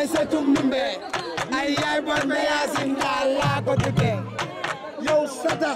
Aïssatou Mbengue ay yaay bor ma yaasin daal laa ko tuddee yow sota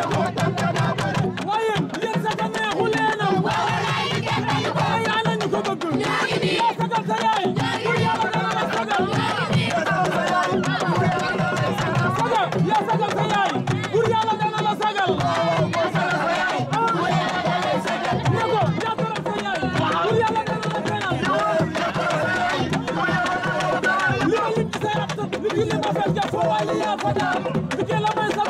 Get up and